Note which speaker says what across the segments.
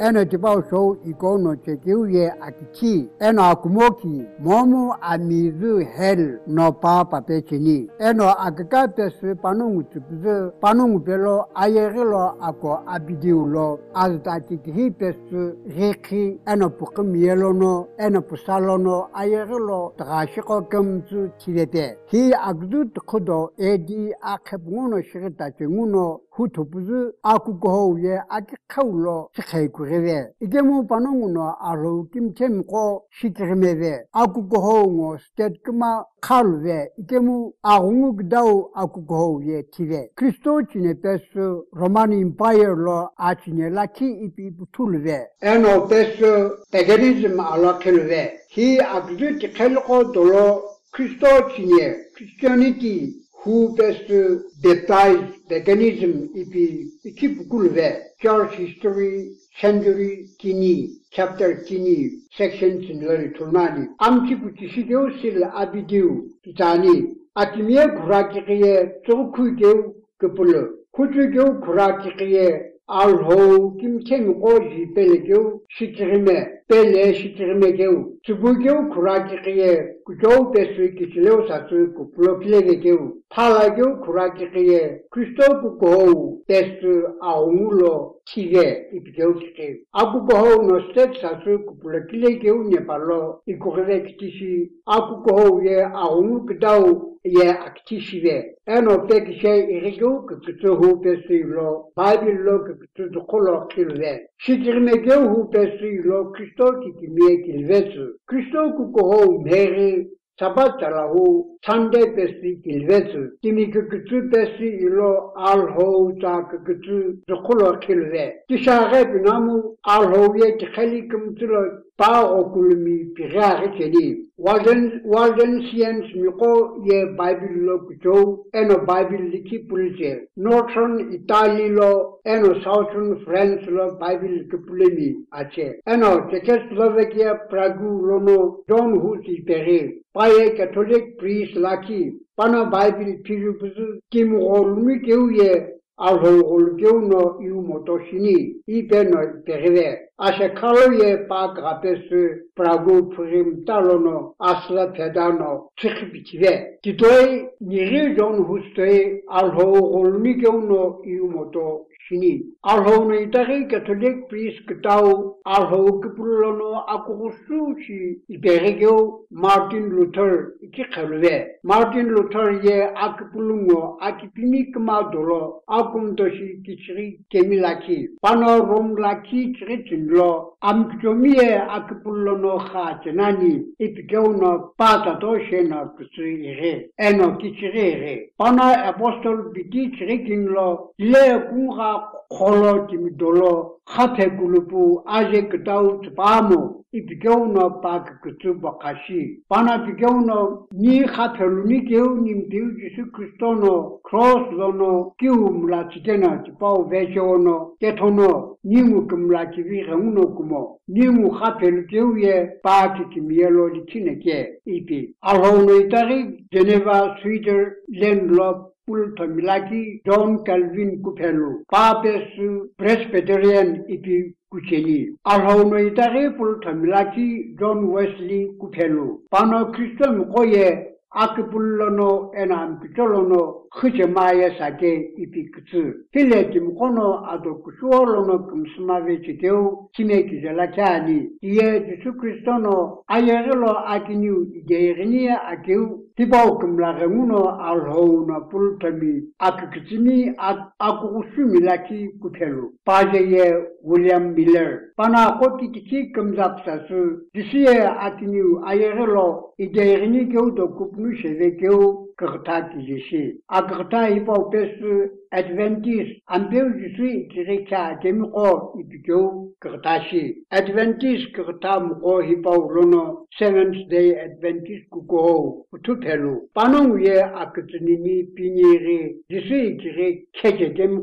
Speaker 1: Eno te pau sou i kono te kiu ye Eno akumoki Momo amizu hel no papa pe Eno akika pe su panungu tupuzu. Panungu pe lo ako Abidulo Azta Azuta tikihi pe su riki. Eno pukimielo no. Eno pusalo no. Ayere lo tagashiko Ki akzu tukudo edi akhepungu no shikita chengu no. Hutupuzu akukoho rewe. Ike mo pano ngono aro kim chen ko shikirime Aku koho ngo stet kima kalu ikemu Ike mo gdao aku koho we tiwe. Kristo chine pesu Roman Empire lo a chine la ki ipi ipu Eno pesu paganism ala kilu we. Hi agzu tikel ko dolo Kristo chine Christianity who best to detail the mechanism kip he keep church history century kini chapter kini section in the tournament am chi pu chi si deu si la abidiu tani atmiye gura ki ye tu ku deu ke pu le ku ju deu gura deu chibukiyo kuraki kiye kuchoo pe sui ki chileo sa sui ku pulo pilege kiyo pala kiyo kuraki kiye kristo ku kohou pe sui a ungu lo kige ipi kiyo ki kiyo aku kohou no set sa sui ku pulo pilege kiyo nye palo i kukhere kitishi aku kohou ye a ungu kitao ye a kitishi ve eno pe kishe iri kiyo ki kitu hu lo babil lo ki kitu dhukulo kiyo ve shikirme kiyo hu pe sui lo kristo ki kimiye kiyo ve Krishna को कहो मेरे सभा चलाओ tande pesti kilvetsu, kimi ki kutsu besi ilo al hou ta ki kutsu zukulo kilve. Ki shaghe pi namu al ye ki khali kumtu lo pa okulumi pi ghaghi chedi. Walden Sien's miko ye Bible lo kucho, eno Bible liki pulise. Northern Italy lo, eno Southern France lo Bible liki pulimi ache. Eno, cheches plovekia Pragu lono Don Hus is beri. Pae Catholic priest shilaki panabaybil pilupuzu kimugolumike uye alholgoluke u no iu motoshini ii ashe kalu ye pagh apesu pragu, phurim, talo no, asla, pheda no, tsikhi bichi we. Titoe, niri yon hus toe, alho u golmikyo no iumoto xini. Alho no itaghi, katolek, pris, gtau, alho u kipulo no, akuhusu u chi iberi Martin Luther i chi Martin Luther ye akipulo ngo, akipimi kama dolo, akum toshi ki laki, pano roma laki chiri Λό, αμπιωμία ακπουλωνό χά να η πάτα το σένα ένα κουτσιγέ, ένα κουτσιγέ. Πάνω από στον πιτή τσιγέκινλο, λέω λό, χάτε κουλουπού, άζε κουτάω πάμο. Η πικαιούνο πάκ κουτσού πακασί. Πάνω πικαιούνο, νι χάτε λουνί και κιού μλατσικένα τσι πάω βέζεωνο και τονο. Νίμου και kummo, ni mu xa pelu ke wye paa titimielo li tineke i pi. Alhawna i tari Geneva, Switzerland, Lennlop, Pulte-Milaki, John Calvin ku pelu. Paa Presbyterian ipi kucheni. Alhawna i tari milaki John Wesley ku pelu. Pano Kristo mu akpullo no enampito lo no kujemaya sake ipikutsu filetimko no adokushuolo no kumsumavechite wo kime kizalakaani iye jisukristo no ayarilo aginyo tibau kymla ghe wunno alho wunno pul tami akikizimi at akukusumi laki kutelu baje ye William Miller pana xo titiki kymza su disi ye atini w keu lo idegni do kupnu sheve ghew kagta dili shi. A kagta ipo pesu Adventis, ambeu jisui itiri kya demi qo ipi jo kagta shi. Adventis kagta mqo ipo rono Seventh Day Adventis kuko utu pelu. Panong ye a kutsunimi pinyiri jisui itiri keche demi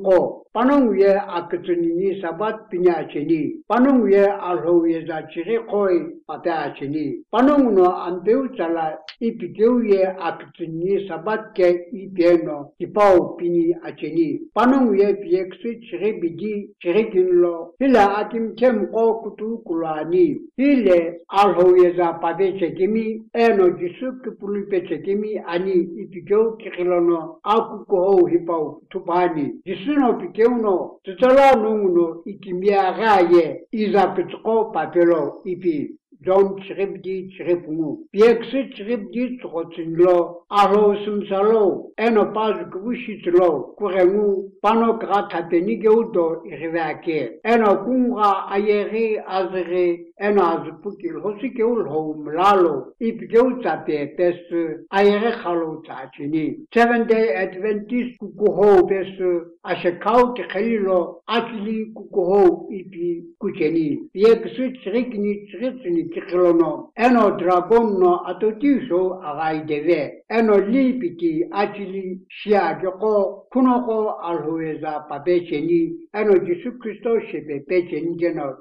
Speaker 1: panongu ye akitsini ni sabat pini acheni panongu ye alhou ye za chiri koi pape acheni panongu no anpe utsala i pikeu ye akitsini ni sabat ke i pieno i pau pini acheni panongu ye pieksu chiri bigi chiri ginlo hile atim kem kou kutu kulaani hile alhou ye za pape chekemi e no jisu kipunui pe chekemi ani i kikilono a kukuhou tupani jisu no pikeu νούμενο η uno, Tetalanoumno, Itimiagaye, Isapetko Papelo, Ipi, Don Τσρίπτη Τσρίπμου, Πιέξε Τσρίπτη Τσροτινλό, Αρώσιμ συμψαλό» Ένα Πάζ Κβουσιτλό, Κουρεμού, Πάνω Κραταπενή και ούτω Ιρβιακέ, Ένα Κούγα Αγερή Αζερή, ena zupu ki hosi keu um lhou mlalo ip keu tsape pesu ayere khalo tsachini. Seven Day Adventist kukuhou pesu ashe kau ke khalilo atili kukuhou ipi kucheni. Ye kisu tsirikini tsiritsini tsikilo no eno dragon no ato tiso agai deve. Eno li piti atili shia joko kunoko alhuwe za pape cheni. Eno jisu kristo shepe pe cheni jeno.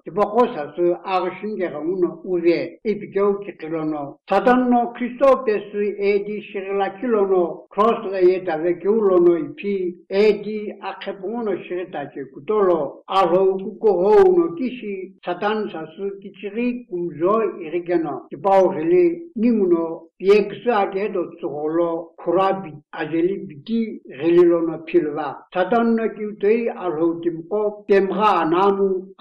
Speaker 1: yikyo wiki kiro no. Tsa ta nno kriso besu e di shirila kiro no, krosla ye dave kio lo no ipi, e di akhe pono shirita che kuto lo. Al hou kuko hou no kishi, tsa ta nsa su kichiri kumzo iri keno. Tiba w hili, no, ye kisu a kedo tsugo lo, kura a zili biti pilwa. Tsa ta nno kivdei al hou dimko, demha ana nu,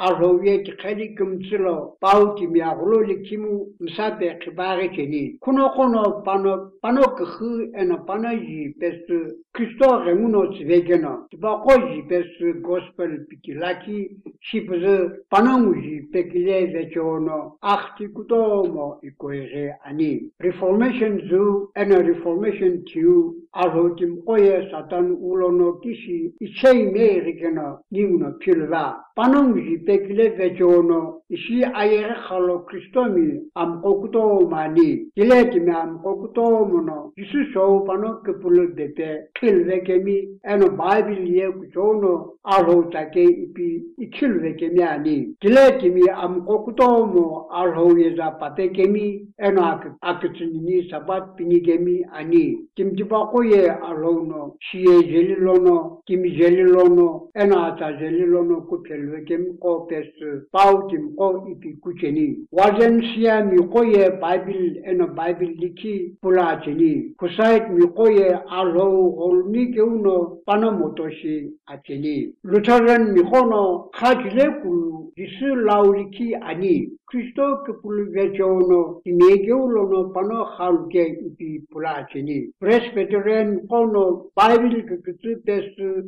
Speaker 1: ye tikhari kumtsilo, palo qui mia glori kimu msapeq baq che ni konuqona pano pano qh h ena pana ji pes Cristo re munot vegeno baqoi pes gospel piki laki chi pz pano mu ji peqileze chono achticu tomo e coege ani reformation zo ena reformation tu azotim oye satan ulono kisi isey meerikena niuna pilva panongji pekile vechono isi ayere khalo kristomi am kokuto mani dileti me am kokuto mono yisu so pano kepulo bete khilve kemi eno baibil ye kuchono alo take ipi ikhilve kemi ani dileti mi am kokuto mo alo ye za pate kemi eno ak akitsini sabat pinigemi kemi ani kimjiba ko ye alono chi ye jeli lono kim jeli lono ena ta jeli lono ku pelwe kim ko pes pau kim ko ipi ku cheni wajen sia mi ko ye bible eno bible liki pula cheni kusait mi ko ye alo holni ke uno pano motoshi acheni lutaran mi ko no khajle ku jisu lauri ki ani Kristo ke pulu vechono, imege ulono pano khalke ipi pula ben kono bible ki kitu tes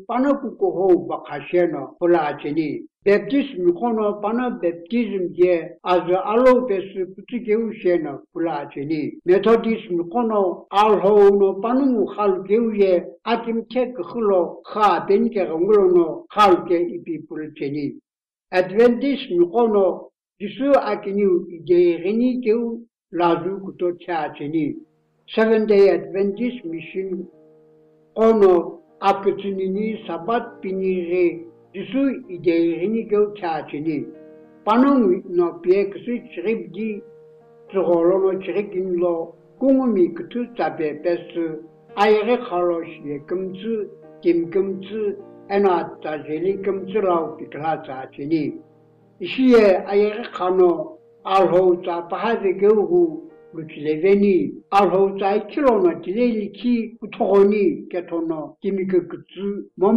Speaker 1: pano ku ko ho ba khashe no pula chini baptist mi kono pano baptism ge az alo tes kitu ge u she no pula chini methodist mi kono al ho no pano mu khal ge u ye atim che ku khlo kha den no khal ke i pi pul chini adventist mi akini ge reni ke u la du cha chini Seven Day Adventist Mission ono opportunity sabat pinire isu ide ini ke chachini panung no pie kisu chrib di trolo no chrib in lo kungu mi kutu tabe pes ayre kharosh ye kumtsu kim kumtsu ana ta jeli kumtsu rao pikra chachini ishiye ayre khano alho ta pahade ke hu which is a veni alho zai kilo no tileli ki utoho ni keto no kimika kutsu no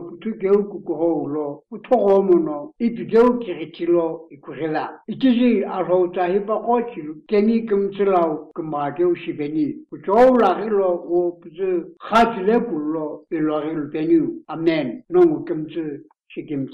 Speaker 1: kutu geu kukuho ulo utoho mo no ipi geu kirichilo geu u ilo amen